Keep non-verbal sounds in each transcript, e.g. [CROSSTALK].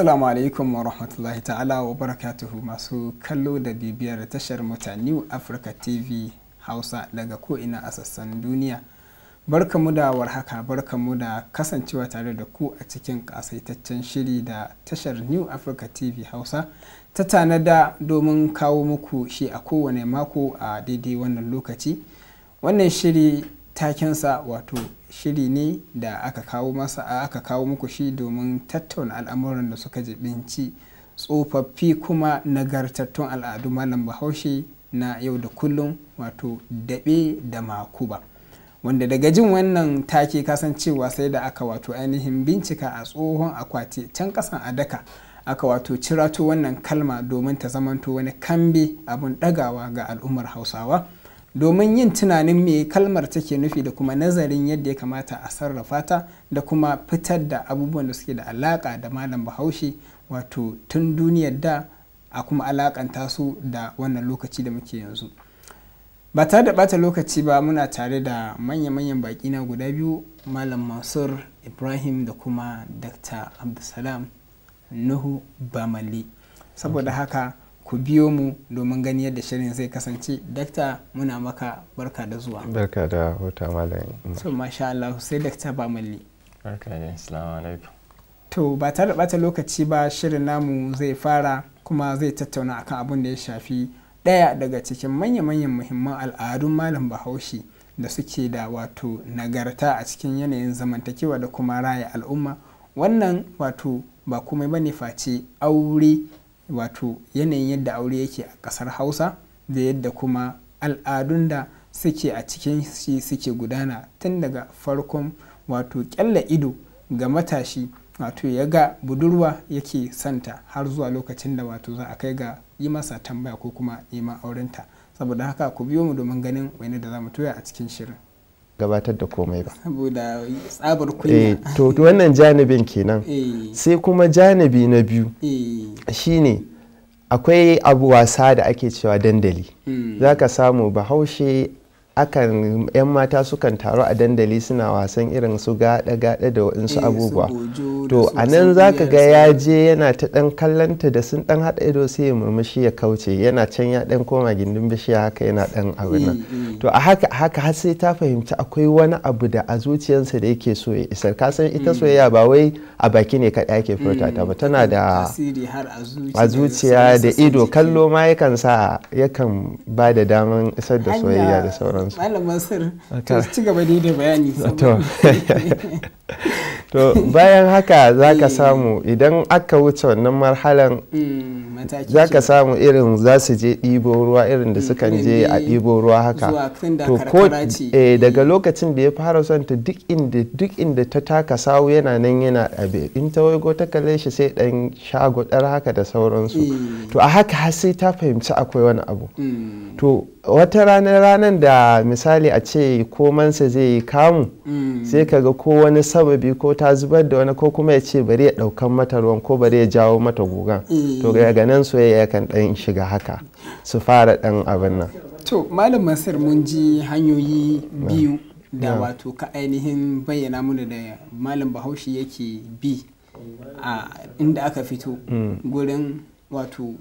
Assalamu alaikum wa rahmatullahi ta'ala wa barakatuhu masu kallo da bibiyar tashar mota New Africa TV Hausa daga ko'ina a sassan duniya. Barkamu da warhaka barkamu da kasancewa tare da ku a cikin kasaitaccen shiri da tashar New Africa TV Hausa ta tanada domin kawo muku shi a kowane mako a daidai wannan lokaci. Wannan shiri takensa wato shiri ne da aka kawo masa aka kawo muku shi domin tattauna al'amuran da suka jibinci tsofaffi kuma nagartattun al'adu malam bahaushe na yau da kullum wato daɓe da makuba wanda daga jin wannan take kasancewa sai da aka wato ainihin bincika a tsohon akwati can kasan daka aka wato cirato wannan kalma domin ta zamanto wani kambe abun ɗagawa ga al'ummar hausawa domin yin tunanin me kalmar take nufi da kuma nazarin yadda ya kamata a sarrafa ta da kuma fitar da abubuwan da suke da alaƙa da malam bahaushe wato tun duniyar da a kuma alaƙanta su da wannan lokaci da muke yanzu ba tare da ɓata lokaci ba muna tare da manya-manyan baƙi na guda biyu malam mansur ibrahim da kuma dr abdulsalam nuhu bamali saboda haka ku biyo mu domin gani yadda shirin zai kasance dakta muna maka barka da zuwa barka da hota malam so masha Allah sai dakta ba malli barka da assalamu alaikum to ba tare da bata lokaci ba shirin namu zai fara kuma zai tattauna akan abin da ya shafi ɗaya daga cikin manya-manyan muhimman al'adun malam bahaushe da suke da wato nagarta a cikin yanayin zamantakewa da kuma raya al'umma wannan wato ba komai ba face aure wato yanayin yadda aure yake a ƙasar hausa da yadda kuma al'adun da suke a cikin shi suke gudana tun daga farkon wato ƙyalla ido ga matashi wato ya ga budurwa yake santa har zuwa lokacin da wato za a kai ga yi masa tambaya ko kuma neman aurenta saboda haka ku biyo mu domin ganin wani da za mu toya a cikin shirin gabatar da komai ba saboda tsabar kunya eh, to wannan janibin kenan eh. sai kuma janibi na biyu eh. shine akwai abu wasa da ake cewa dandali hmm. za ka samu bahaushe akan 'yan mata sukan taru a dandali suna wasan irin su gaɗa-gaɗa da waɗansu eh, abubuwa to a nan za ka ga ya je yana ta ɗan kallanta da sun ɗan haɗa ido sai ya murmushi ya kauce yana can ya ɗan koma gindin bishiya haka yana ɗan abin nan eh, eh. to a haka haka har sai ta fahimci akwai wani abu da a zuciyarsa da yake so ya isar ka san ita hmm. soyayya ba wai a baki ne kaɗai ake furta ta ba hmm. tana da a zuciya da ido kallo ma yakan sa yakan ba da daman isar da soyayya da sauran sauransu malam masir ci gaba da bayani [LAUGHS] to bayan haka za ka hmm. samu idan aka wuce wannan marhalan hmm, za ka samu irin za su je ɗibo ruwa irin da hmm, sukan je a ɗibo ruwa haka to ko eh, daga lokacin da ya fara son ta duk inda duk inda ta taka sawu yana nan yana abe in ta waigo ta kalle shi sai dan shago dar haka da sauransu to a haka har sai ta fahimci akwai wani abu to wata ranar ranar da misali a ce komansa zai yi kamu sai kaga ko wani sa sababi ko ta zubar da wani ko kuma ya ce bari ya daukan mata ruwan ko bari ya jawo mata gugan to eh. daga nan soyayya kan ɗan shiga haka su fara ɗan abin nan to malam masir mun ji hanyoyi biyu da wato ka ainihin bayyana muna da malam bahaushe yake bi a inda aka fito mm. gurin wato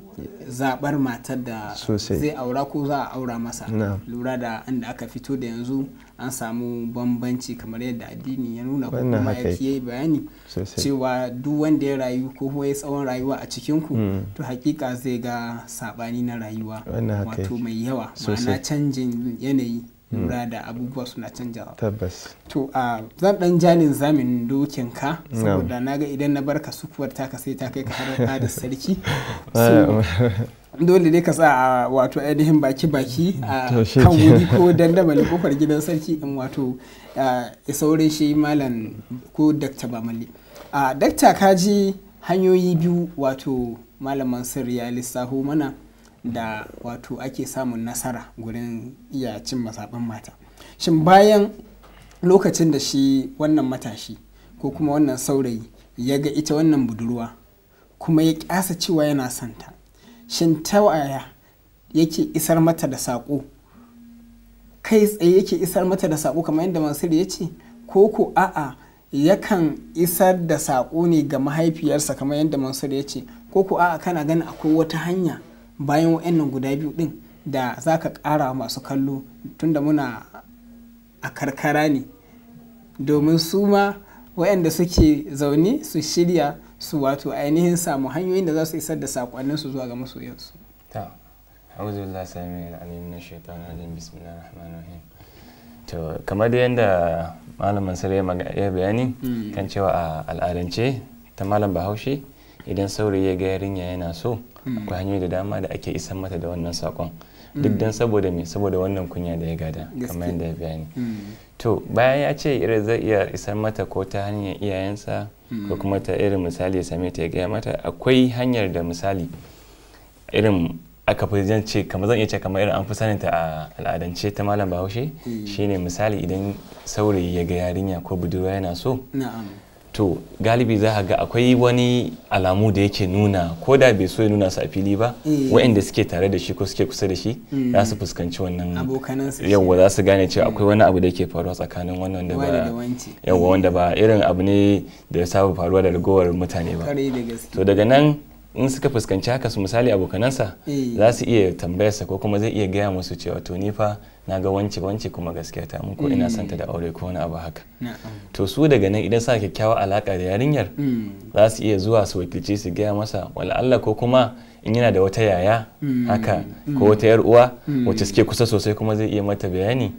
zaɓar matar da zai aura ko za a aura masa lura da inda aka fito da yanzu an samu bambanci kamar yadda addini ya nuna ko kuma ya kiye bayani cewa duk wanda ya rayu ko ya tsawon rayuwa a cikinku hmm. to hakika zai ga saɓani na rayuwa wato mai yawa ma'ana canjin yanayi lura hmm. da abubuwa suna canjawa tabbas to a zan dan janin zamin dokin ka saboda ga idan na barka sukuwar taka sai ta kai ka har [LAUGHS] da sarki dole ne ka sa a wato ainihin baki-baki a kan wuri ko dandamali kofar gidan sarki in wato saurin shi malam ko dakta bamali a dakta kaji hanyoyi biyu wato malaman sirri ya lissafo mana da wato ake samun nasara gurin iya cin mazaɓin mata shin bayan lokacin da shi wannan matashi ko kuma wannan saurayi ya ga ita wannan budurwa kuma ya kyasa cewa yana santa shin ta yake isar mata da saƙo kai tsaye yake isar mata da saƙo kamar yadda mansur ya ce ko ko a'a yakan isar da saƙo ne ga mahaifiyarsa kamar yadda mansur ya ce ko ko a'a kana ganin akwai wata hanya bayan wa'annan guda biyu din da za ka ƙara masu kallo tunda muna a karkara ne domin su ma wa'anda suke zaune su shirya su wato ainihin samu hanyoyin da za su isar da saƙonninsu zuwa ga masoyansu. to kamar da yadda malamin mansur ya bayani hmm. kan cewa a al'adance ta malam bahaushe idan saurayi ya ga yarinya yana so Hmm. akwai hanyoyi da dama da ake isan mata da wannan sakon hmm. duk dan saboda me saboda wannan kunya da ya gada kamar yadda ya bayani hmm. to bayan ya ce irin zai iya isan mata ko ta hanyar iyayensa ko kuma ta irin misali ya same ta ya gaya mata akwai hanyar da misali irin aka fi zan ce kamar zan iya ce kamar irin an fi saninta a al'adance ta malam bahaushe shine misali idan saurayi ya ga yarinya ko budurwa yana so to galibi za a ga akwai wani alamu da yake nuna ko da bai so ya nuna su a fili ba eh. waɗanda suke tare da shi ko suke kusa da shi hmm. za su fuskanci wannan yawa za su gane cewa akwai hmm. wani abu da yake faruwa tsakanin wannan da ba yawa wanda ba irin abu ne da ya saba faruwa da ragowar mutane ba to daga nan in suka fuskanci haka su misali abokanansa eh. za su iya tambayarsa ko kuma zai iya gaya musu cewa to ni fa na ga wance wance kuma gaskiya ta mun ko ina hmm. santa da aure ko wani abu haka to su daga nan idan sa kyakkyawa alaka da yarinyar hmm. za su iya zuwa su wakilci su gaya masa wala Allah ko kuma in yana da wata yaya mm. haka mm. ko wata yar uwa mm. wacce suke kusa sosai kuma zai iya mata bayani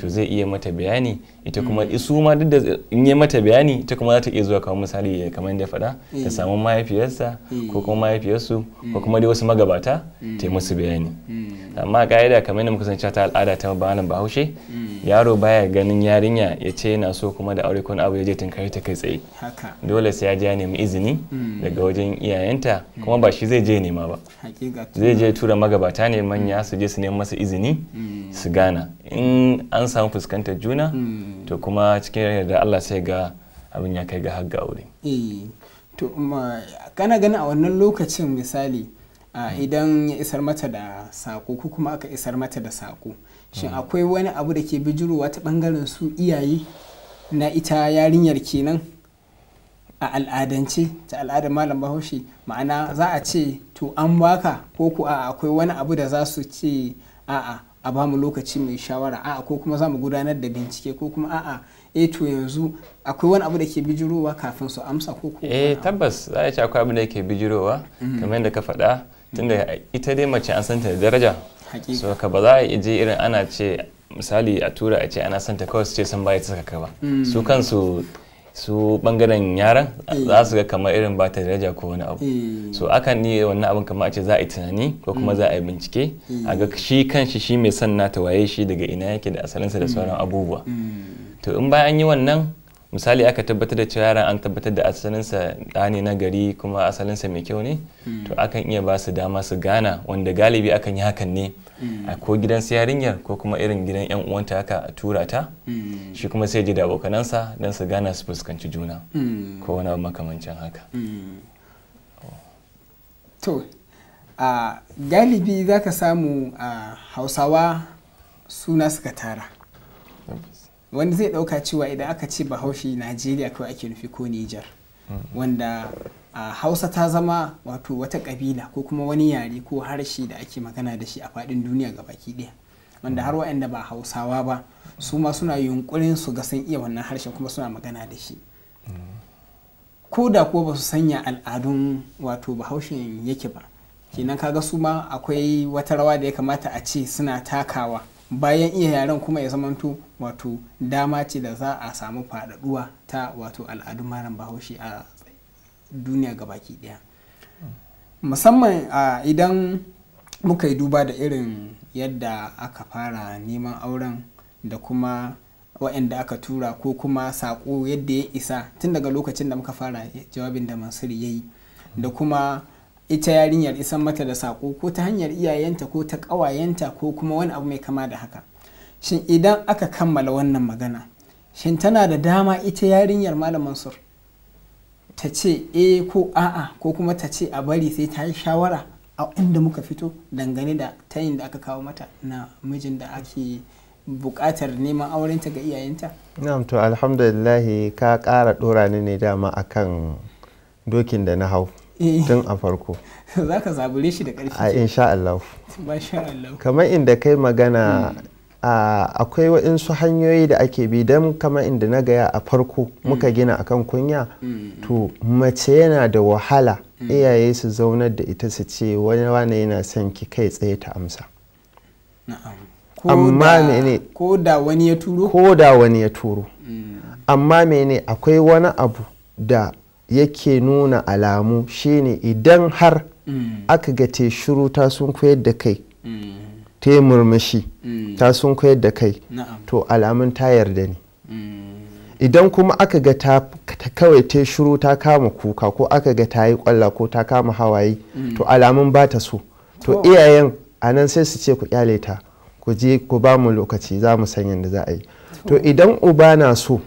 to zai iya mata bayani ita kuma isu ma duk da in yi mata bayani ita kuma za ta iya zuwa kawo misali ya kamar da faɗa ta samu mahaifiyarsa ko kuma mahaifiyarsu ko kuma dai wasu magabata ta yi musu bayani amma ka'ida kamar da muka san ta al'ada ta bana bahaushe yaro baya ganin yarinya ya ce yana so kuma da aure abu ya je kai ta kai tsaye dole sai ya ja nemi izini daga wajen iyayenta kuma ba shi zai je nema ma ba zai je tura magabata ne manya su je su nemi masa izini hmm. su gana in an samu fuskantar juna hmm. to kuma cikin yarda Allah sai ga abin ya kai ga har ga aure eh, to kana gani a wannan lokacin misali hmm. idan ya isar mata da sako ko kuma aka isar mata da sako shin akwai wani abu da ke bijirowa ta bangaren su iyaye na ita yarinyar kenan a al'adance ta al'adar malam bahaushe ma'ana za a ce to an baka ko ku a akwai wani abu da za su ce a'a a ba mu lokaci mai shawara a'a ko kuma za mu gudanar da bincike ko kuma a'a e to yanzu akwai wani abu da ke bijirowa kafin su amsa ko kuma eh tabbas za a ce akwai abu da ke bijirowa mm-hmm. kamar yadda ka faɗa tunda ita dai mace an santa da daraja so ka ba za a je irin ana ce misali a tura a ce ana santa kawai su ce san baya saka ka ba mm. su kansu su bangaren yaran eh. za su ga kamar irin ba ta daraja ko wani abu eh. so akan yi wannan abin kamar a ce za a yi tunani ko kuma mm. za a yi bincike eh. a ga shi kanshi shi mai son ta waye shi daga ina yake da asalinsa da mm. sauran abubuwa mm. to in bayan an yi wannan misali aka tabbatar da cewa yaran an tabbatar da asalinsa da ne na gari kuma asalinsa mai kyau ne hmm. to akan iya ba su dama su gana wanda galibi akan yi hakan ne hmm. a ko gidan su yarinyar ko kuma irin gidan yan uwanta haka tura ta hmm. shi kuma sai ji da abokanansa don su gana su fuskanci juna ko wani abu makamancin haka to galibi za ka samu hausawa suna suka tara wani zai dauka cewa idan aka ce bahaushe najeriya kawai ake nufi ko nijar hmm. wanda a hausa ta zama wato wata kabila ko kuma wani yare ko harshe da ake magana da shi a faɗin duniya ga baki ɗaya wanda har hmm. waɗanda ba hausawa ba su ma suna yunkurin su ga sun iya wannan harshen kuma suna magana da shi hmm. ko da kuwa ba su sanya al'adun wato bahaushen yake ba kenan kaga su ma akwai wata rawa da ya kamata a ce suna takawa bayan iya yaren kuma ya zamanto wato dama ce da za a samu faɗaɗuwa ta wato al'adun maran bahaushe a duniya gabaki ɗaya musamman idan muka yi duba da irin yadda aka fara neman auren da kuma wa'anda aka tura ko kuma saƙo yadda ya isa tun daga lokacin da muka fara jawabin da mansur ya da kuma ita yarinyar isan mata da sako ko ta hanyar iyayenta ko ta ƙawayenta ko kuma wani abu mai kama da haka shin idan aka kammala wannan magana shin tana da dama ita yarinyar malam mansur ta ce e ko a'a ko kuma ta ce a bari sai ta yi shawara a inda muka fito dangane da ta yin da aka kawo mata na mijin da ake buƙatar neman aurenta ga iyayenta na'am to alhamdulillah ka ƙara ɗora ni ne dama akan dokin da na hau Eh. tun a farko [LAUGHS] za ka zabure shi da ƙarfi a insha Allah kamar inda kai magana hmm. akwai waɗansu hanyoyi da ake bi don kamar inda na gaya a farko hmm. muka gina akan kunya hmm. to mace yana da wahala iyaye su zaunar da ita su ce wani wane yana son ki kai tsaye ta amsa amma mene ko da wani ya turo ko da wani ya turo amma mene akwai wani abu da yake nuna alamu shine idan har mm. aka ga te shuru ta sun koyar da kai mm. mm. ta yi murmushi ta sun koyar da kai to alamun ta yarda ne idan kuma aka ga ta kawai ta shuru ta kama kuka ko aka ga ta yi kwalla ko ta kama hawaye to alamun ba ta so to iyayen a nan sai su ce ku kyale ta ku je ku ba mu lokaci za mu san yadda za a yi to idan uba na so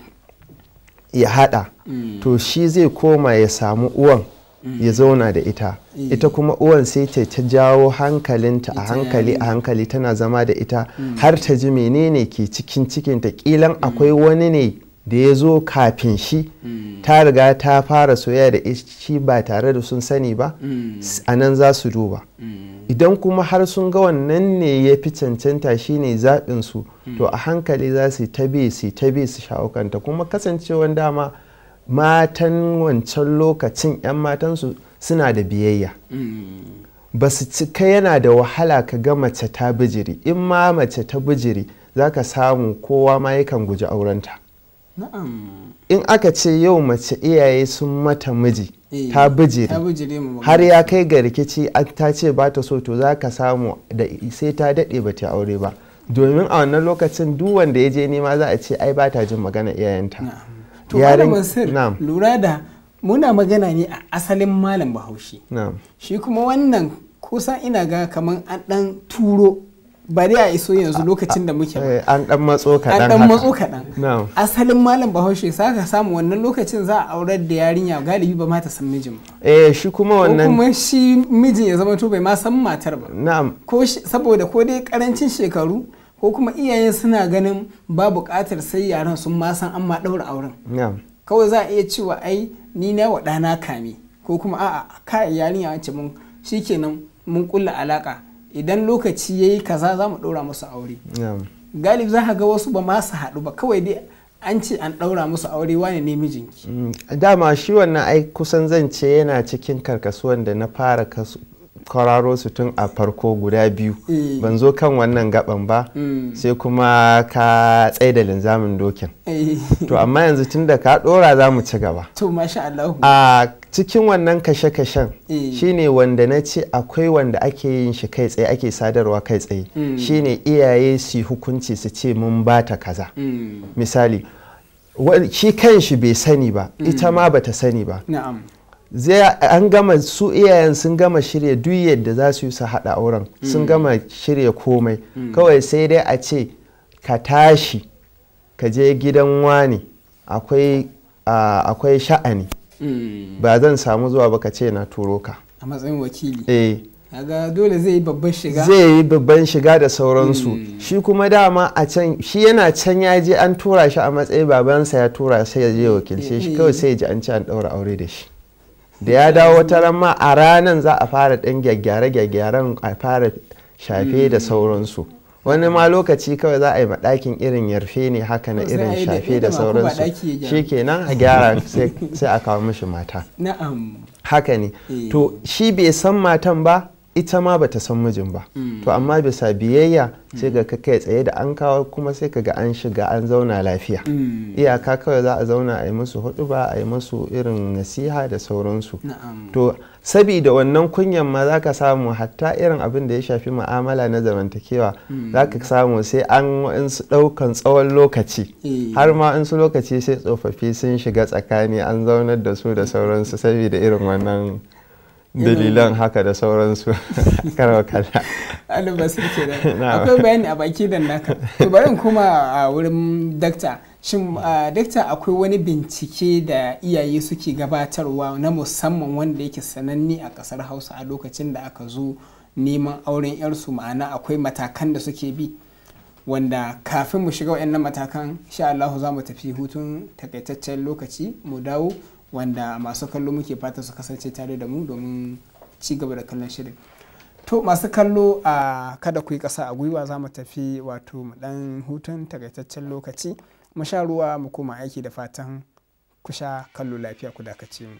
ya hada mm. to shi zai koma ya samu uwan mm. ya zauna da ita mm. ita kuma uwan sai ta ta jawo hankalinta a hankali a hankali tana zama da ita har ta ji menene ke cikin cikinta kilan akwai wani ne da ya zo kafin shi mm. ta riga ta fara soyayya da shi ba tare da sun sani ba mm. a nan za su duba mm. idan kuma har sun ga wannan ne ya fi cancanta ne zaɓinsu to a hankali za su ta bi su ta su shawo kuma kasancewan dama matan wancan lokacin 'yan matansu suna da biyayya ba su cika yana da wahala ka ga mace ta bijiri in ma mace ta bijiri za ka samu kowa ma yakan guji aurenta in aka ce yau mace iyaye sun mata miji eh, ta bijiri har ya kai ga rikici ta ce ba ta so to za ka samu da sai ta daɗe ba ta aure ba domin a wannan lokacin duk wanda ya je nema za a ce ai ba ta jin magana iyayenta to malam lura da muna magana ne a asalin malam bahaushe shi kuma wannan kusan ina ga kamar an ɗan turo bari a iso yanzu lokacin da muke eh, an dan matso kaɗan an dan matso kaɗan asalin malam bahaushe sa ka samu wannan lokacin za a aurar da yarinya galibi ba ma san mijin eh shi kuma wannan kuma shi mijin ya zama to bai ma san matar ba na'am ko saboda ko dai karancin shekaru ko kuma iyayen suna ganin ba buƙatar sai yaran sun ma san an ma ɗaura auren kawai za a iya cewa ai ni na wa ɗana kame ko kuma a'a kai yarinya wace mun shikenan mun kulla alaka idan lokaci ya yi kaza za mu ɗaura musu aure galib za ka ga wasu ba ma su haɗu ba kawai dai an ce an ɗaura musu aure wani ne mijinki mm, dama shi wannan ai kusan zan ce yana cikin karkasuwan da na fara kwararo su tun a farko guda biyu eh. ban zo kan wannan gaban ba mm. sai kuma ka tsaye da linzamin dokin eh. to amma yanzu tun da ka ɗora za mu ci gaba to masha Allah a ah, cikin wannan kashe-kashen eh. shine wanda na ce akwai wanda ake yin shi kai tsaye ake sadarwa kai tsaye mm. shine iyaye su hukunci su ce mun ba ta kaza mm. misali shi kan shi bai sani ba mm. ita ma bata sani ba an gama su iyayen sun gama shirya duk yadda za su yi su haɗa auren sun gama shirya komai kawai sai dai a ce ka tashi ka je gidan wani akwai sha'ani Hmm. ba zan samu zuwa ba ka ce na turo ka a matsayin wakili eh ga dole zai yi babban shiga zai yi babban shiga da sauransu hmm. shi kuma dama a can shi yana can ya je an tura shi a matsayin babansa ya tura sai ya je wakilce shi eh. kawai sai ya ji an ci an daura aure da shi da ya dawo wata ran ma a ranan za a fara dan gyaggyare gyaggyaren a fara shafe da hmm. sauransu wani ma lokaci kawai za a yi ɗakin irin yarfe ne haka na irin shafe da sauransu shi kenan a gyara sai a kawo mishi mata haka ne eh. to shi bai san matan ba ita ma bata san mijin ba hmm. to amma bisa biyayya sai ga ka kai tsaye da an kawo kuma sai ka ga an shiga an zauna lafiya hmm. iyaka kawai za a zauna a yi musu hudu ba a yi musu irin nasiha da sauransu to sabida wannan kunyan ma za ka samu hatta irin abin da ya shafi ma'amala na zamantakewa mm. za ka samu sai an wa'insu ɗaukan tsawon lokaci eh. har ma in su lokaci sai tsofaffi sun shiga tsakani an zaunar da su da sauransu sabida irin wannan dalilan haka da sauransu [LAUGHS] karwa kalla albasu ke da [LAUGHS] akwai bayani a baki da naka to bari kuma a wurin dakta shin dakta akwai wani bincike da iyaye suke gabatarwa na musamman wanda yake sananni a kasar hausa a lokacin da aka zo neman auren yarsu ma'ana akwai matakan da suke bi wanda kafin mu shiga waɗannan matakan sha Allah za mu tafi hutun takaitaccen lokaci mu dawo wanda masu kallo muke fata su kasance tare da mu domin ci gaba da kallon shirin to masu kallo a kada ku yi ƙasa a gwiwa za mu tafi wato mu ɗan hutun takaitaccen lokaci mu sha ruwa mu koma aiki da fatan ku sha kallo lafiya ku dakace mu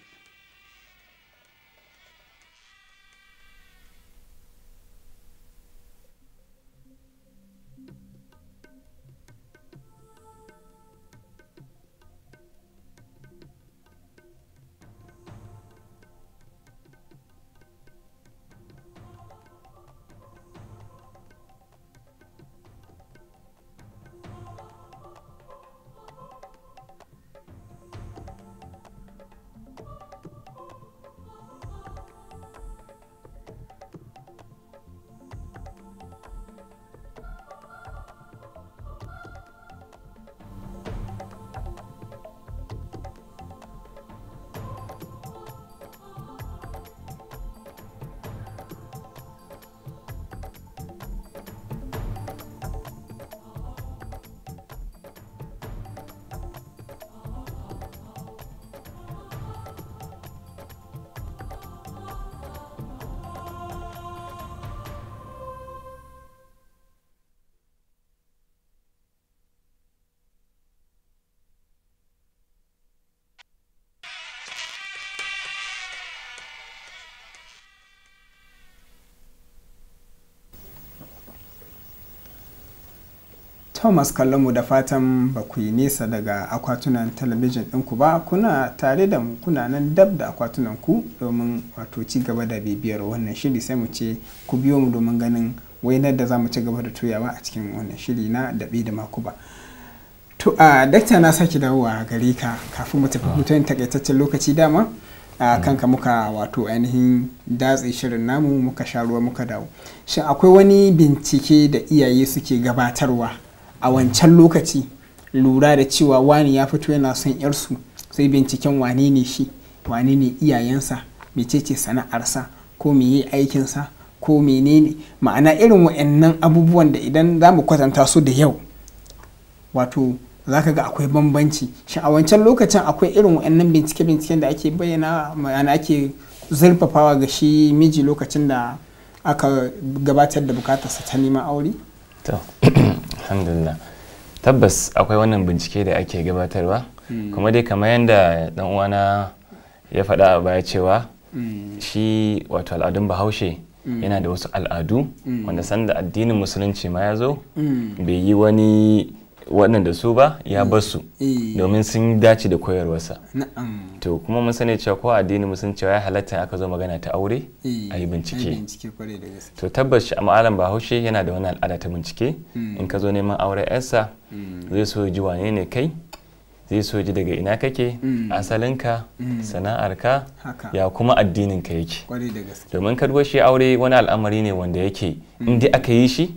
To masu kallon mu da fatan ba ku yi nesa daga akwatunan talabijin ɗinku ba kuna tare da kuna nan dab da akwatunan ku domin wato ci gaba da bibiyar wannan shiri sai mu ce ku biyo mu domin ganin wainar da za mu ci gaba da tuyawa a cikin wannan shiri na daɓe da maku ba. To a dakta na sake dawowa gare ka kafin mu tafi hutun takaitaccen lokaci dama a mm. kanka muka wato ainihin datse shirin namu muka sha ruwa muka dawo. Shin akwai wani bincike da iyaye suke gabatarwa a wancan lokaci lura da cewa wani ya fito yana son yarsu sai binciken wane ne shi wane ne iyayensa ce sana'arsa ko me yi aikinsa ko menene ma'ana irin wa'annan abubuwan da idan za mu kwatanta su da yau wato za ka ga akwai bambanci shi a wancan lokacin akwai irin wa'annan bincike-binciken da ake bayyana ma'ana ake zurfafawa ga shi miji lokacin da aka gabatar da bukatarsa ta neman aure alhamdulillah tabbas akwai wannan bincike da ake gabatarwa hmm. kuma dai kamar yadda dan uwana ya faɗa a baya cewa hmm. shi wato al'adun bahaushe hmm. yana da wasu al'adu wanda sanda addinin musulunci ma ya zo bai yi wani waɗanda su ba ya mm. su eh. domin sun dace da koyarwarsa to kuma mun sani cewa ko addini mun san cewa ya halatta aka zo magana ta aure eh. a yi bincike to tabbas a ma'alan bahaushe yana da wani al'ada ta bincike mm. in ka zo neman aure yarsa mm. zai so ji wane ne kai zai so ji daga ina kake asalinka sana'arka ya kuma ka yake domin ka shi aure wani al'amari ne wanda yake in dai aka yi shi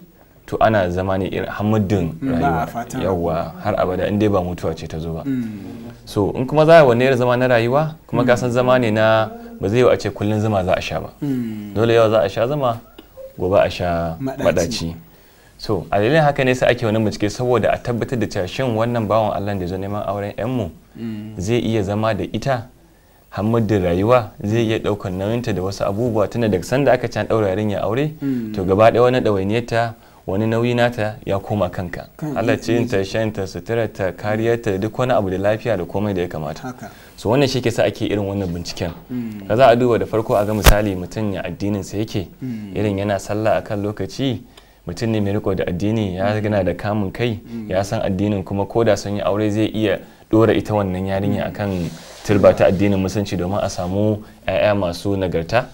to ana zama ne irin hamadin mm, rayuwa yawwa har abada in dai ba mutuwa ce ta zo ba mm. so in kuma za a wanne zama na rayuwa kuma ka mm. san zama ne na ba zai yi a ce kullum zama za a sha ba dole yawa za a sha zama gobe a sha madaci so a dalilin haka ne sai ake wani bincike saboda a tabbatar da cewa shin wannan bawan Allah da zo neman auren yan mu zai iya zama da ita hamadin rayuwa zai iya ɗaukar nauyinta da wasu abubuwa tana daga sanda aka can ɗaura yarinya aure to gaba ɗaya wani ɗawainiyarta wani nauyi nata ya koma kanka Allah ce yin ta shan ta sutura ta kariyar ta duk wani abu da lafiya da komai da ya kamata so wannan shi ke sa ake irin wannan binciken hmm. ka za a duba da farko a ga misali mutum ya addinin sa yake hmm. irin yana sallah akan lokaci mutum ne mai riko da addini ya hmm. gana da kamun kai ya san addinin kuma ko da sun yi aure zai iya dora ita wannan yarinya akan turba ta addinin musulunci domin a samu 'ya'ya masu nagarta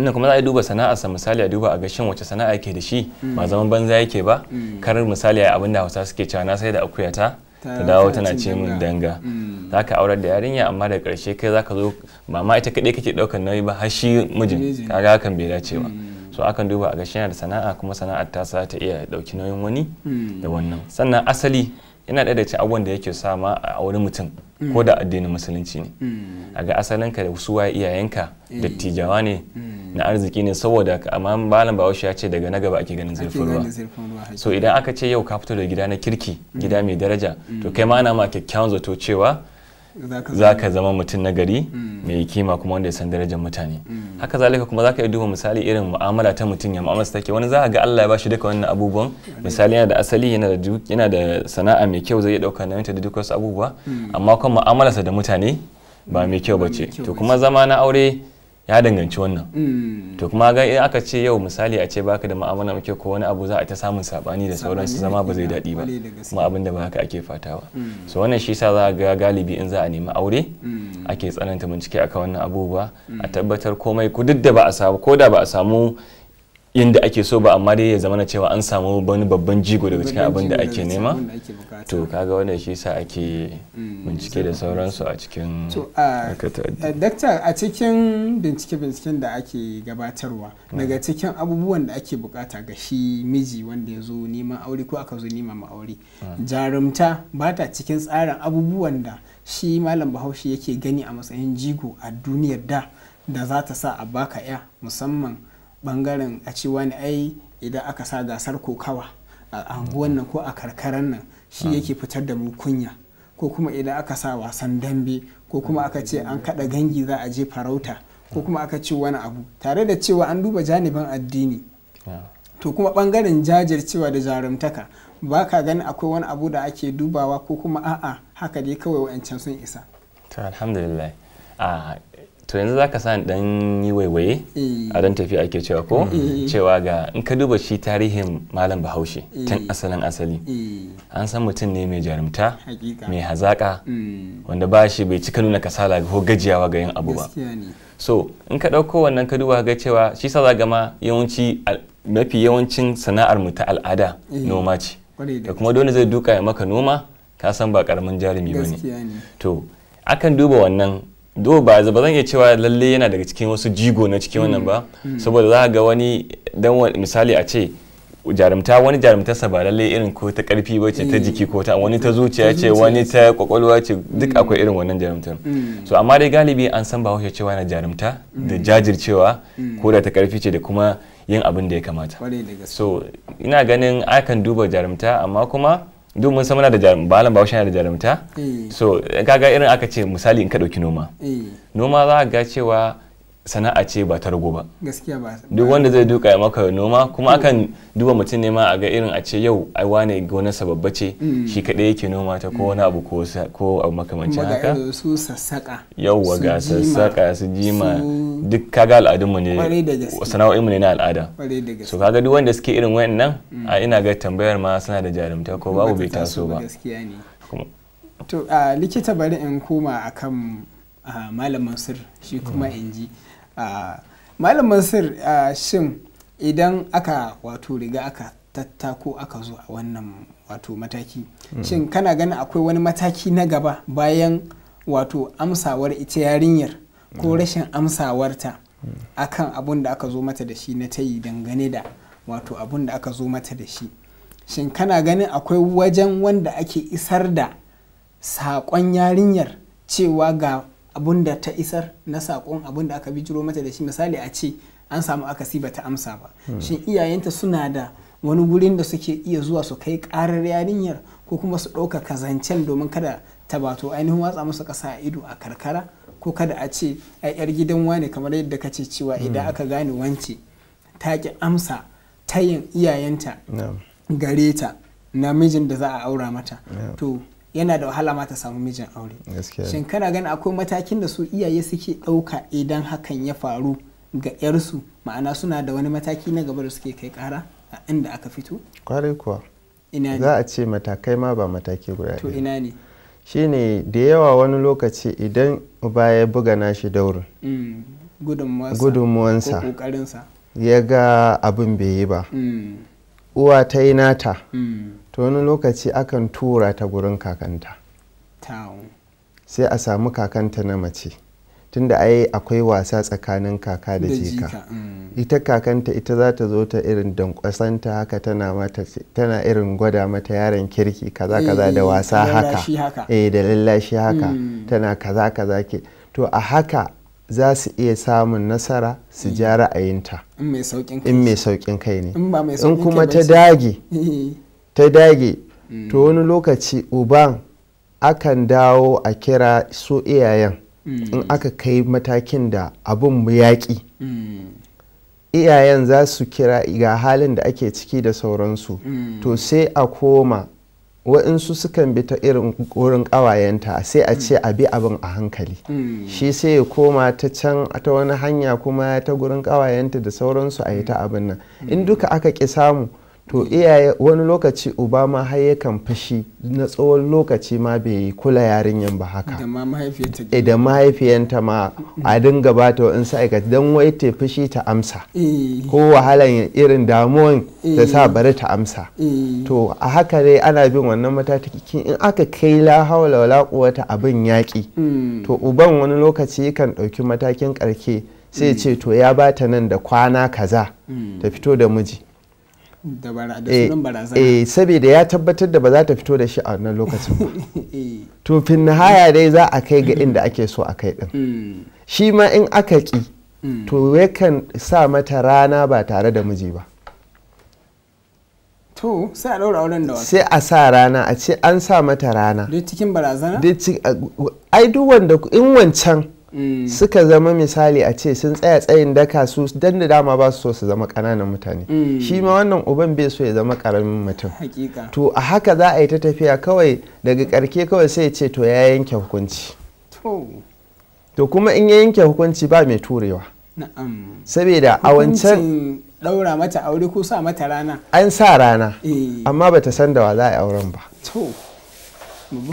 sannan kuma za a duba sana'arsa misali a duba a gashin wace sana'a yake da shi ba zaman banza yake ba mm. karar misali a abin da hausa suke cewa na sai da akuya ta dawo tana ce min danga mm. za ka aurar da yarinya amma da karshe kai za ka zo ba ita kaɗai kake ɗaukar nauyi ba har shi mijin kaga hakan bai dace ba mm. so akan duba a gashin yana da sana'a kuma sana'ar ta sa ta iya ɗauki nauyin wani da wannan sannan asali ina ɗaya da ci abubuwan da yake sama a wani mutum ko da addinin musulunci ne mm. a ga asalinka da su waye iyayenka mm. dattijawa ne mm. na arziki ne saboda amma malam ba ya ce daga na gaba ake ganin zurfin ruwa so idan aka ce yau ka fito da gida na kirki gida mai daraja to kai ma ana ma kyakkyawan zato cewa za ka zama mutum na gari hmm. mai kima kuma wanda ya san darajar mutane hmm. haka zalika kuma za ka duba misali irin mu'amala ta mutum ya mu'amala take wani za ka ga Allah ya bashi duka wannan abubuwan hmm. misali yana da asali yana da yana da sana'a mai kyau zai iya ɗaukar nauyinta da duk wasu abubuwa amma kuma mu'amalarsa da mutane ba mai kyau bace to kuma zama na aure ya danganci wannan mm. to kuma ga in aka ce yau misali a ce baka da ma'amala muke ko wani abu za a ta samun sabani da sauran su zama ba zai daɗi ba kuma abin da ba haka ake fata ba mm. so wannan shi sa za ga galibi in za a nemi aure mm. ake tsananta bincike akan wannan abubuwa a tabbatar komai ku duk da ba a samu ko da ba a samu yadda ake so ba amma dai ya zama na cewa an samu wani babban jigo daga cikin abin da ake nema to kaga wannan shi sa ake mm, bincike da sauransu a cikin dakta a cikin bincike-binciken da ake gabatarwa mm. daga cikin abubuwan da ake bukata ga shi miji wanda ya zo neman aure ko aka zo neman ma'aure mm. jarumta ba ta cikin tsarin abubuwan da shi malam bahaushe yake gani a matsayin jigo a duniyar da da za ta sa a baka ya musamman bangaren a ci wani ai idan aka sa gasar kokawa a anguwan nan ko a karkaran nan shi ah. yake fitar da mu kunya ko kuma idan aka sa wasan dambe ko kuma ah. aka ce an kada gangi za a je farauta ko kuma aka ce wani abu tare da cewa an duba janibin addini ah. to kuma bangaren jajircewa da jarumtaka ba ka gani akwai wani abu da ake dubawa ko kuma a'a haka dai kawai wa'ancan sun isa alhamdulillah to yanzu za ka sa ni dan yi waiwaye eh. a dan tafi ake cewa ko eh. cewa ga in ka duba shi tarihin malam bahaushe eh. tun asalin asali an san mutum ne mai jarumta mai hazaka mm. wanda ba shi bai cika nuna kasala ko gajiyawa ga yin abu ba so in ka ɗauko wannan ka duba ga cewa shi sa za gama yawanci mafi yawancin sana'ar mu ta al'ada noma ce da kuma dole zai duka ya maka noma ka san ba karamin jarumi ba ne to akan duba wannan do ba ba zan iya cewa lalle yana daga cikin wasu jigo na cikin wannan ba mm. Mm. saboda za a ga wani dan misali a ce jarumta wani jarumtarsa ba lalle irin ko ta karfi ba ce ta mm. jiki ko ta wani ta zuciya ce wani ta kwakwalwa ce duk akwai irin wannan jarumtar so amma dai galibi an san ba wace cewa na jarumta da jajircewa ko da ta karfi ce da kuma yin abin da ya kamata so ina ganin akan duba jarumta amma kuma duk mun san muna da jarumta balan bahaushe yana da jarumta eh. so kaga irin aka ce misali in ka ɗauki noma eh. noma za ka ga cewa sana'a ce ba targo ba gaskiya ba duk wanda zai duka ya maka noma kuma mm. akan duba mutum ne ma a ga irin a ce yau ai wane gona sababba babba ce mm. shi kadai yake noma ta ko mm. wani abu ko abu makamancin haka su sassaka yauwa ga sassaka su jima duk kaga al'adunmu ne sana'o'in mu ne na al'ada so kaga duk wanda suke irin wayannan a ina ga tambayar ma suna da jarumta ko babu bai taso ba to likita bari in koma akan malam Mansur shi kuma in ji malam sir shin idan aka wato riga aka tattako aka zo a wannan wato mataki hmm. shin kana ganin akwai wani mataki na gaba bayan wato amsawar ita yarinyar ko hmm. rashin amsawarta hmm. akan abun da aka zo mata da shi na tayi dangane da wato abun da aka zo mata da shi shin kana ganin akwai wajen wanda ake isar da saƙon yarinyar cewa ga abun da ta isar na saƙon abun da aka bijiro mata da shi misali a ce an samu akasi ba ta amsa ba hmm. shin iyayenta suna da wani gurin da suke iya zuwa su kai ƙarar yarinyar ko kuma su ɗauka kazancen domin kada ta bato ainihin watsa musu ƙasa a ido a karkara ko kada a ce a yar gidan wane kamar yadda ka ce cewa hmm. idan aka gane wance ta ki amsa tayin iyayenta gareta ta namijin da za a aura mata to yana da wahala ma ta samu mijin aure shin kana gani akwai matakin da su iyaye suke ɗauka idan hakan ya faru ga 'yarsu ma'ana suna da wani mataki na gaba da suke kai kara a inda aka fito kwarai kuwa za a ce matakai ma ba mataki guda to ina ne shine da yawa wani lokaci idan uba ya buga nashi daurin mm, gudunmuwansa ya ga abin bai yi ba mm. uwa ta yi nata mm. to wani lokaci akan tura ta gurin kakanta sai a samu kakanta na mace tunda ai akwai wasa tsakanin kaka da jika mm. ita kakanta ita za ta zo ta irin dankwasanta haka tana irin gwada mata yaron kirki kaza kaza da eh, wasa haka eh da lallashi haka mm. tana kaza kaza ke to a haka za su iya samun nasara su mm. ja ra'ayinta in mai saukin kai ne in kuma ta dage [LAUGHS] eh. ta dage mm. to wani lokaci uban akan dawo a kira su iyayen mm. in aka kai matakin da abin yaƙi mm. iyayen za su kira ga halin da ake ciki da sauransu to sai a koma waɗansu sukan bi ta irin wurin ƙawayenta sai a ce a bi abin a hankali shi sai ya koma ta can ta wani hanya kuma ta gurin ƙawayenta da sauransu a yi ta abin nan in duka aka ƙi samu to iyaye wani lokaci uba ma har yakan fashi na tsawon lokaci ma bai kula yarinyan ba haka da mahaifiyanta eh, ma a dinga ba ta wa'in aikata don wai ta fashi ta amsa eh. ko wahalan irin damuwan da sa eh. bari ta amsa to a haka dai ana bin wannan matatakin in aka kai la haula wala abin yaƙi hmm. to uban wani lokaci kan ɗauki matakin karke sai hmm. ce to ya bata nan da kwana kaza hmm. ta fito da miji Eh, eh saboda ya tabbatar da ba za ta fito da shi a wannan lokacin ba [LAUGHS] eh. to fin haya dai za a kai ga inda ake so a kai din mm. shi ma in aka ki mm. to yakan sa mata rana ba tare da miji ba to sai a daura wurin da sai a sa rana a ce an sa mata rana duk cikin barazana duk ai duk wanda in wancan Mm. suka zama misali a ce sun tsaya tsayin daka su dan da dama ba su so su zama kananan mutane mm. shi ma wannan uban bai so ya zama ƙaramin mutum to a haka za a yi ta tafiya kawai daga ƙarke kawai sai ce to ya yanke hukunci to kuma in ya yanke hukunci ba mai turewa saboda a wancan daura mata aure ko sa mata rana an sa rana eh. amma bata san da wa za a yi auren ba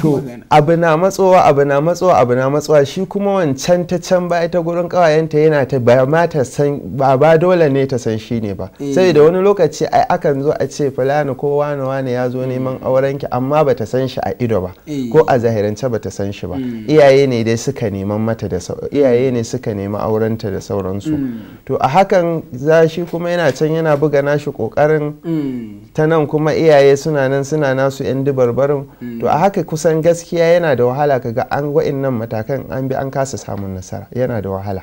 to abu na matsowa abu na matsowa abu na matsowa shi kuma wancan ta can ba ita gurin kawayenta yana ta ba ma ta san ba ba dole ne ta san shi ne ba eh. sai da wani lokaci ai akan zo a ce fulani ko wani wani ya zo neman eh. aurenki amma bata san shi a ido ba eh. ko a zahirance bata san shi ba hmm. iyaye ne dai suka neman mata da hmm. iyaye ne suka nemi aurenta da sauransu hmm. to a hakan za shi kuma yana can yana buga nashi kokarin ta nan kuma iyaye suna nan suna nasu yan dubarbarin to a haka kusan gaskiya yana da wahala kaga an nan matakan an bi an kasa samun nasara yana da wahala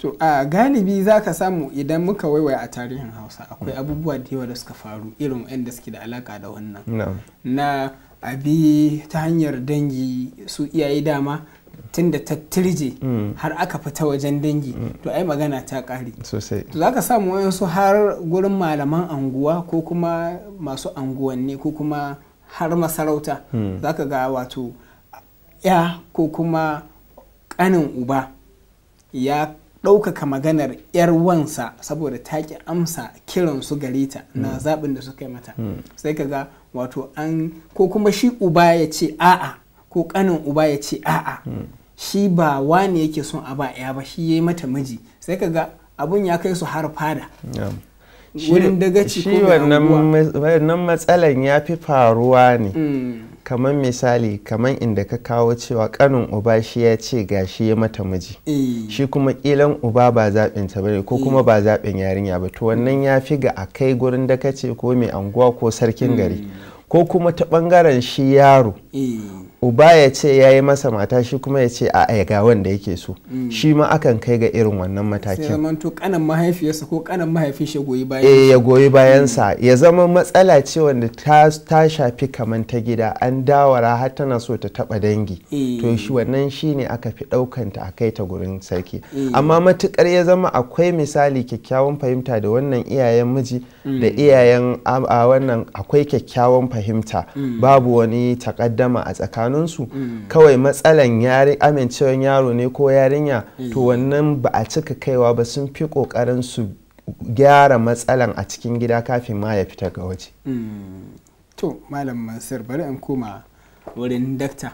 to a galibi za ka samu idan muka waiwaya a tarihin hausa akwai abubuwa da yawa da suka faru irin wa'anda suke da alaka da wannan na abi ta hanyar dangi su iyaye dama tun da ta tirje mm. har aka fita wajen dangi mm. to ai magana ta kare sosai to za ka samu wayansu har gurin malaman anguwa ko kuma masu anguwanni ko kuma har masarauta hmm. za ka ga wato ya ko kuma ƙanin uba ya ɗaukaka maganar 'yar wansa saboda ta ki amsa kiransu su gare ta na hmm. zaɓin da suka yi mata hmm. sai ka ga wato an ko kuma shi uba ya ce a'a ko kanin uba ya ce a'a shi ba wani yake son a ba 'ya ba shi ya yi mata miji sai ka ga abun ya kai su har fada wurin dagaci ko wannan matsalan ya fi faruwa ne mm. kamar misali kamar inda ka kawo cewa kanin uba shi ya ce ga shi ya mata miji eh. shi kuma kilan uba ba zaɓin ta bane ko kuma eh. ba zaɓin yarinya ba to wannan ya fi ga a kai gurin dakace ko mai anguwa ko sarkin mm. gari ko kuma ta ɓangaren shi yaro eh. uba ya ce ya yi masa mata shi kuma ya ce a ga wanda yake so mm. shi ma akan kai ga irin wannan matakin sai manto kanan mahaifiyarsa ko kanan mahaifin shi goyi bayan eh ya goyi bayansa mm. ya zama matsala ce wanda ta shafi kaman ta gida an dawara har tana so ta taba dangi eh. to shi wannan shine aka fi daukan ta akai ta gurin sarki eh. amma matukar ya zama akwai misali kyakkyawan fahimta da wannan iyayen miji da mm. iyayen a wannan akwai kyakkyawan fahimta mm. babu wani takaddama a tsakaninsu mm. kawai matsalan yari amincewan yaro ne ko yarinya to wannan ba a cika kaiwa ba sun fi kokarin su gyara matsalan a cikin gida kafin ma ya fita ga waje to malam mansur bari in koma wurin dakta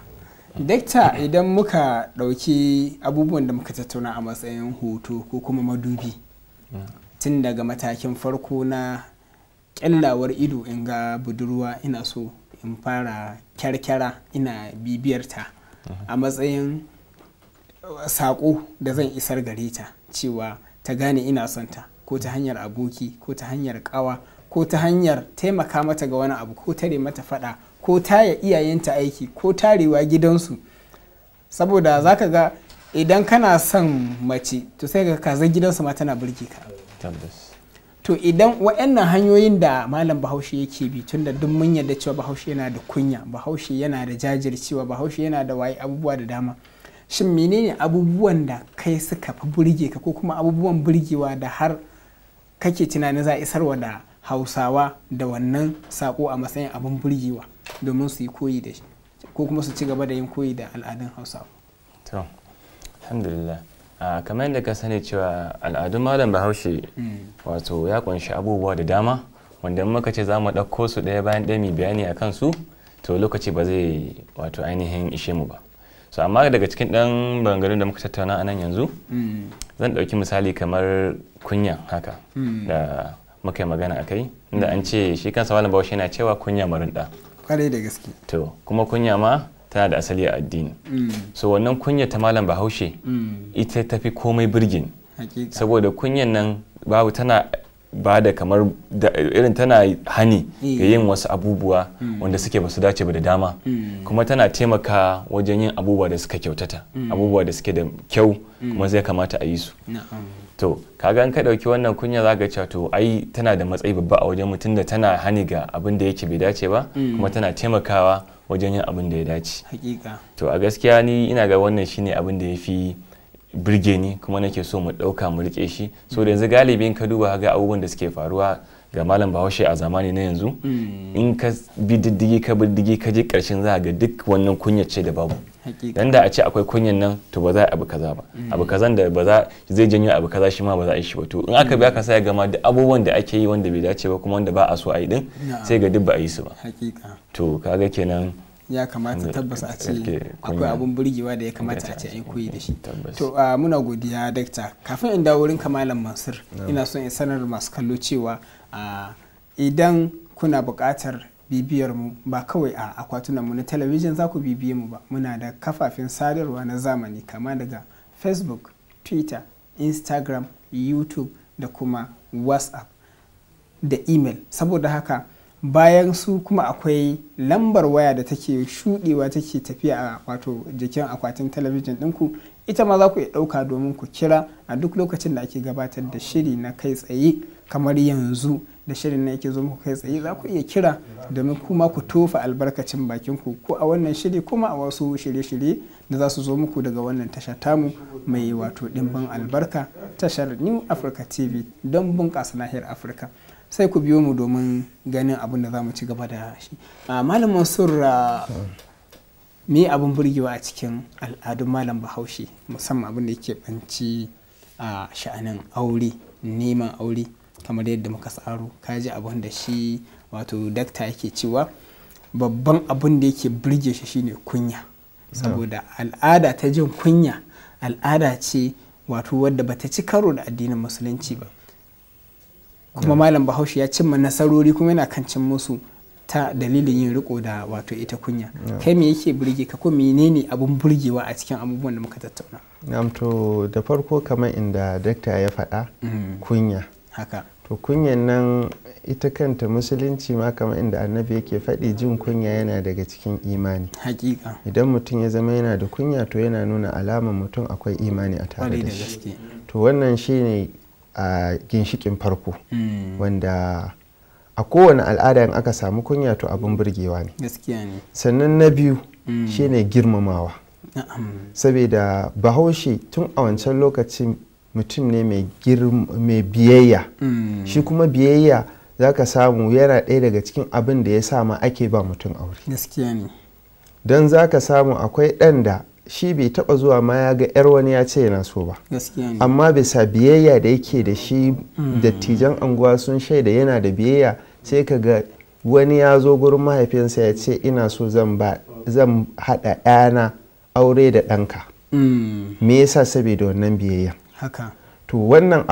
dakta idan muka ɗauki abubuwan da muka tattauna a matsayin hoto ko kuma madubi tun daga matakin farko na ƙyallawar ido in ga budurwa ina so in fara kyarkyara ina bibiyarta a matsayin uh, saƙo da zan isar gare ta cewa ta gane ina son ta ko ta hanyar aboki ko ta hanyar ƙawa ko ta hanyar taimaka mata ga wani abu ko tare mata faɗa ko taya iyayenta aiki ko tarewa gidansu saboda za ka ga idan kana son mace to sai ka kaza gidansu ma tana burge ka to idan waɗannan hanyoyin da malam bahaushe yake bi tun da duk mun yadda cewa bahaushe yana da kunya bahaushe yana da jajircewa bahaushe yana da waye abubuwa da dama shin menene abubuwan da kai suka fi burge ka ko kuma abubuwan burgewa da har kake tunanin za a wa da hausawa da wannan sako a matsayin abin burgewa domin su yi koyi da shi ko kuma su ci gaba da yin koyi da al'adun hausawa alhamdulillah a kamar yadda ka sani cewa al'adun malam bahaushe wato ya kunshi abubuwa da dama wanda muka ce za mu ɗauko su ɗaya bayan ɗaya mai bayani a kansu to lokaci ba zai wato ainihin ishe mu ba so amma daga cikin ɗan bangarin da muka tattauna a nan yanzu zan ɗauki misali kamar kunya haka da muka yi magana a kai inda an ce shi kansa malam bahaushe yana cewa kunya marinda. da gaske to kuma kunya ma tana da asali a addini mm. so wannan kunya ta malam bahaushe mm. ita tafi komai birgin saboda kunyan nan babu tana ba da kamar irin tana hani mm. ga yin wasu abubuwa wanda suke basu dace ba da dama kuma tana taimaka wajen yin abubuwa da suka kyautata abubuwa da suke da kyau kuma zai kamata a yi su to kaga an ka dauki wannan kunya zaka cewa to ai tana da matsayi babba a wajen mutum da tana hani ga abin da yake bai dace ba kuma tana taimakawa wajen yin abin da ya dace hakika to a gaskiya ni ina ga wannan shine abin da ya fi birge ni kuma nake so mu ɗauka mu rike shi so da yanzu in ka duba ga abubuwan da suke faruwa ga malam bahaushe a zamani na yanzu mm. in ka bi diddigi ka bi diddigi ka je ƙarshen za ga duk wannan kunyar ce da babu dan da a ce akwai kunyan nan to ba za a abu kaza ba mm. abu kazan da ba za zai janyo abu kaza shi ma ba za a yi shi ba to in aka bi mm. aka sai gama da abubuwan da ake yi wanda bai dace ba kuma wanda ba a so a yi din sai ga duk ba a yi su ba to kaga kenan ya kamata tabbas a ce akwai abun burgewa da ya kamata a ce an koyi da shi to ah, muna godiya dakta kafin in dawo wurin kamalan mansur ina son in sanar masu kallo cewa ah, idan kuna buƙatar bibiyar mu ba kawai a akwatunan mu na talabijin za ku bibiye mu ba muna da kafafen sadarwa na zamani kama daga facebook twitter instagram youtube da kuma whatsapp da email saboda haka bayan su kuma akwai lambar waya da take shudewa take tafiya a wato jikin akwatin talabijin ɗinku ita ma za ku iya ɗauka domin ku kira a duk lokacin da ake gabatar da shiri na kai tsaye kamar yanzu da shirin na yake zo muku kai tsaye za ku iya kira domin kuma ku tofa albarkacin bakin ku ko a wannan shiri kuma a wasu shirye-shirye da za su zo muku daga wannan tasha tamu mai wato dimbin albarka tashar new africa tv don bunƙasa nahiyar afirka sai ku biyo mu domin ganin abin da za mu ci gaba da shi malam mansur me abin burgewa a cikin al'adun malam bahaushe musamman abin da yake banci a sha'anin aure neman aure kamar yadda muka tsaro kaji abin da shi wato dakta yake cewa babban abin da yake birge shi shine kunya saboda al'ada ta jin kunya al'ada ce wato wadda bata ci karo da addinin musulunci ba kuma malam bahaushe ya cimma nasarori kuma yana kan cin musu ta dalilin yin riko da wato ita kunya kai me yake burge ka ko menene abun burgewa a cikin abubuwan da muka tattauna to da farko kamar inda dakta ya faɗa mm. kunya to kunyan nan ita kanta musulunci ma kamar inda annabi yake faɗi jin kunya yana daga cikin imani hakika idan mutum ya zama yana da kunya to yana nuna alamar mutum akwai imani a tare da shi to wannan shine a ginshikin farko hmm. wanda a kowane al'ada in aka samu kunya to abin burgewa ne sannan na biyu hmm. shine girmamawa saboda bahaushe tun a wancan lokacin mutum ne mai biyayya mm. shi kuma biyayya za ka samu yana ɗaya daga cikin abin da ya sa ma ake ba mutum aure gaskiya ne don za ka samu akwai ɗan da shi bai taɓa zuwa ma ya ga yar wani ya ce yana so ba amma bisa biyayya da yake da shi mm. dattijan anguwa sun shaida yana da biyayya sai ka ga wani ya zo gurin mahaifinsa ya ce ina so zan zan haɗa ɗana aure da ɗanka mm. me yasa saboda wannan biyayya haka to wannan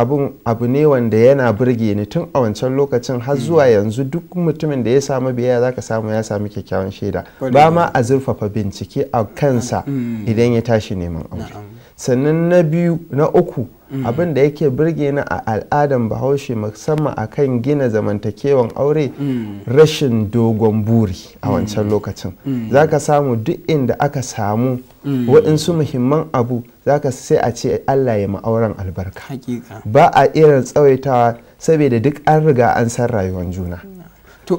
abu ne wanda yana burge ni tun a wancan lokacin har zuwa hmm. yanzu duk mutumin da ya samu biyayya zaka samu ya samu kyakkyawan shaida ba ma a zurfafa bincike a kansa hmm. idan ya tashi neman aure sannan na biyu na uku Mm-hmm. abin da yake birge na a al'adan bahaushe musamman akan gina zamantakewan aure mm. rashin dogon buri a wancan mm. lokacin mm. zaka samu duk inda aka samu waɗansu muhimman abu zaka sai a ce allah ya ma'auren albarka ba a irin tsawaitawa saboda duk an riga an san rayuwan juna to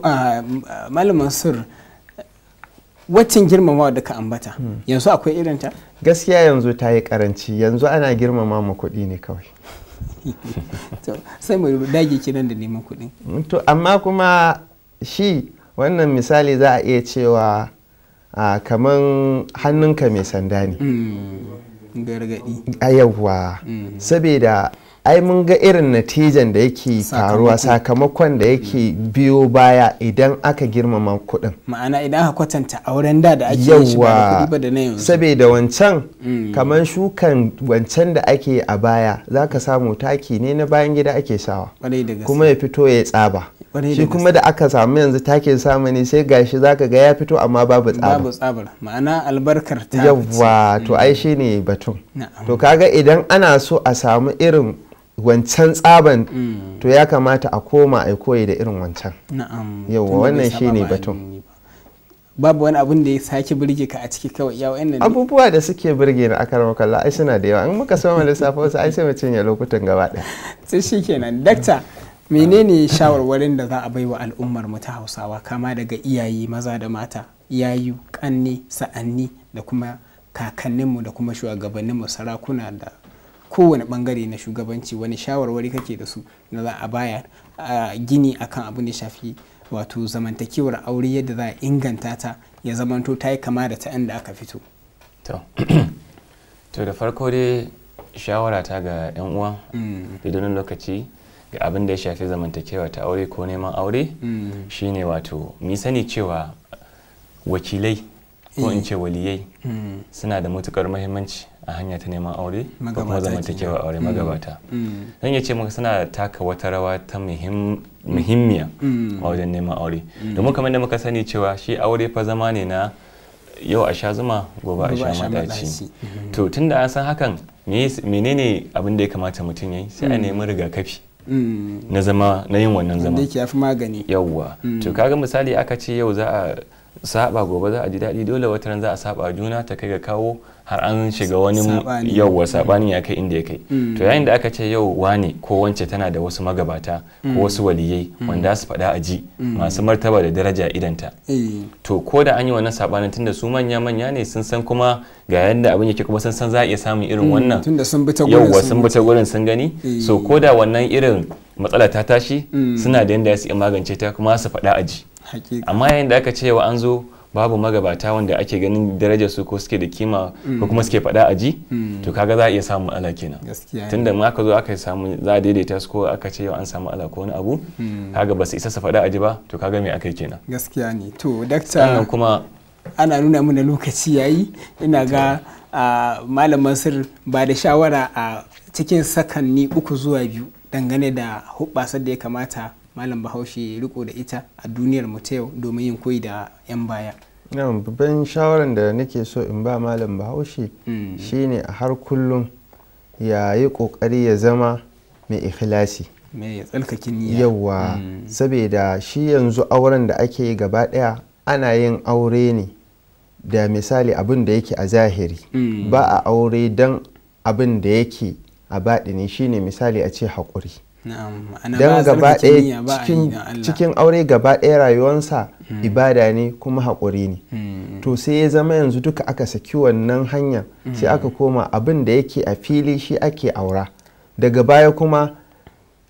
malamin sir waccan girmamawa da ka ambata yanzu akwai irinta? ta gaskiya yanzu ta yi karanci yanzu ana girmama mu kuɗi ne kawai [LAUGHS] sai mai dage kinan da neman kuɗi to amma kuma shi wannan misali za a iya cewa kamar hannunka mai sanda ne mm, gargaɗi a yawwa mm. saboda ai mun ga irin natijan da yake faruwa sakamakon da yake biyo baya idan aka girmama kuɗin ma'ana idan aka kwatanta auren da da ake yi ba da na yanzu saboda wancan mm. kamar shukan wancan da ake a baya zaka samu taki ne na bayan gida ake sawa kuma ya fito ya tsaba shi kuma da aka samu yanzu takin ne sai gashi zaka ga ya fito amma babu tsaba babu tsabar ma'ana albarkar ta yawwa to ai shine batun to kaga idan ana so a samu irin wancan tsaban mm. to ya kamata a koma a koyi da irin wancan yauwa wannan shine batun babu wani abun da ya sake birge ka a ciki kawai ya abubuwa da suke birge na akar makalla ai suna da yawa in muka sama da safa wasu ai sai mu cinye lokutan gaba ɗaya sai [LAUGHS] shikenan dakta menene shawarwarin da za a baiwa al'ummar mu ta Hausawa kama daga iyaye maza da mata iyayu kanne sa'anni da kuma kakanninmu da kuma shugabanninmu sarakuna da kowane bangare na shugabanci wani shawarwari kake da su na za a bayar a gini akan abin da shafi wato zamantakewar aure yadda za a inganta ta ya zamanto ta yi kama da ta inda aka fito to [CLEARS THROAT] da farko dai shawara ta ga 'yan uwa mm. da lokaci ga abin da ya shafi zamantakewa ta aure ko neman aure mm. shine wato mi sani cewa wakilai ko in ce eh. waliyai mm. suna da matukar muhimmanci a hanya ta neman aure ko kuma kewa aure mm. magabata mm. zan iya ce maka suna taka wata rawa ta muhimmiya mm. a wajen neman aure domin kamar da muka sani cewa shi aure fa zama ne na yau a sha zuma gobe a sha madaci mm-hmm. to tunda an san hakan menene abin da ya kamata mutum ya yi sai a nemi rigakafi na zama na yin wannan zama da fi magani yawwa to kaga misali aka ce yau za a saba gobe za a ji daɗi dole wata ran za a saba juna ta kai ga kawo har an shiga wani yauwa sabanin ya kai inda ya kai mm. to yayin da aka ce yau wane ko wance tana da wasu magabata ko mm. wasu waliyai wanda su faɗa a ji mm. masu martaba da daraja idanta eh. to ko da an yi wannan sabanin tunda su manya manya ne sun san kuma ga yadda abin yake kuma sun san za a iya samun irin wannan tunda sun bi gurin sun bi ta gurin sun gani eh. so ko da wannan irin matsala ta tashi suna da yadda ya su magance ta kuma su faɗa a ji amma yayin da aka ce wa an zo babu magabata wanda ake ganin darajar su ko suke da kima ko kuma suke fada a ji hmm. to kaga za a iya samun ala kenan tunda ma aka zo aka samu za a daidaita su ko aka ce an samu ala ko wani abu hmm. kaga ba su isa su fada a ji ba to kaga me aka yi kenan gaskiya ne to dakta kuma ana nuna mana lokaci yayi ina ga malamar sir ba da shawara a cikin sakanni uku zuwa biyu dangane da hubbasar da ya kamata malam bahaushe ya riko da ita a duniyar mu ta yau domin yin koyi da 'yan baya nan babban shawaran da nake so in ba malam bahaushe hmm. shine a har kullum ya yi kokari ya zama mai ikhlasi mai tsalkakin niyya yawa hmm. saboda shi yanzu auren da ake yi gaba daya ana yin aure ne da misali abin da yake a zahiri hmm. ba a aure don abin da yake a baɗini shine misali a ce haƙuri don gaba ɗaya cikin aure gaba ɗaya rayuwarsa hmm. ibada ne kuma haƙuri ne hmm. to sai ya zama yanzu duka aka saki wannan hanyar sai hmm. aka koma abin da yake a fili shi ake aura daga baya kuma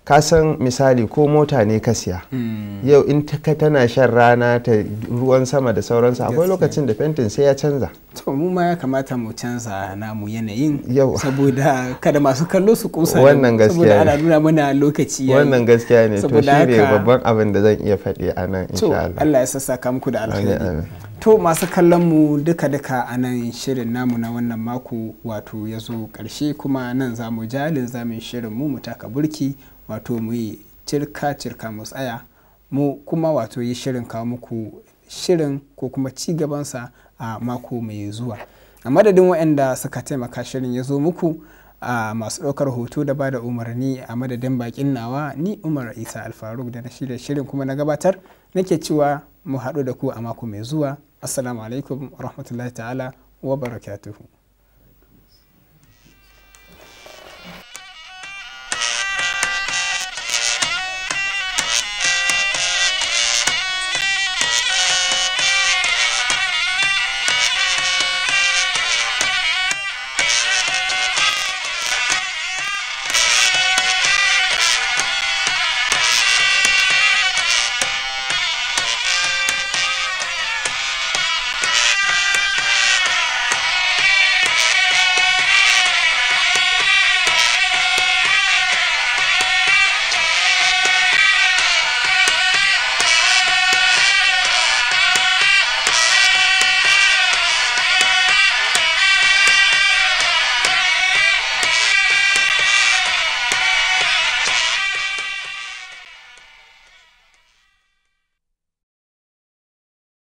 ka san misali ko mota ne ka siya hmm. yau in ka tana shan rana ta ruwan sama da sauransu akwai lokacin da fentin sai ya canza to mu ma ya kamata mu canza namu yanayin saboda kada masu kallo su kusa wannan gaskiya saboda ana nuna mana lokaci wannan gaskiya ne to shi ne babban abin da zan iya faɗi a nan insha Allah Allah ya muku da alheri to masu kallon mu duka-duka a nan shirin namu na wannan mako wato ya zo karshe kuma nan za mu jalin zamin shirin mu mu taka burki wato mu yi cirka cirka mu tsaya mu kuma wato yi shirin kawo muku shirin ko kuma ci gabansa a mako mai zuwa a madadin waɗanda suka taimaka shirin ya zo muku a masu ɗaukar hoto da bada umarni a madadin bakin nawa ni umar isa alfaruk da na shirya shirin kuma na gabatar nake cewa mu haɗu da ku a mako mai zuwa assalamu alaikum rahmatullahi ta'ala wa barakatuhu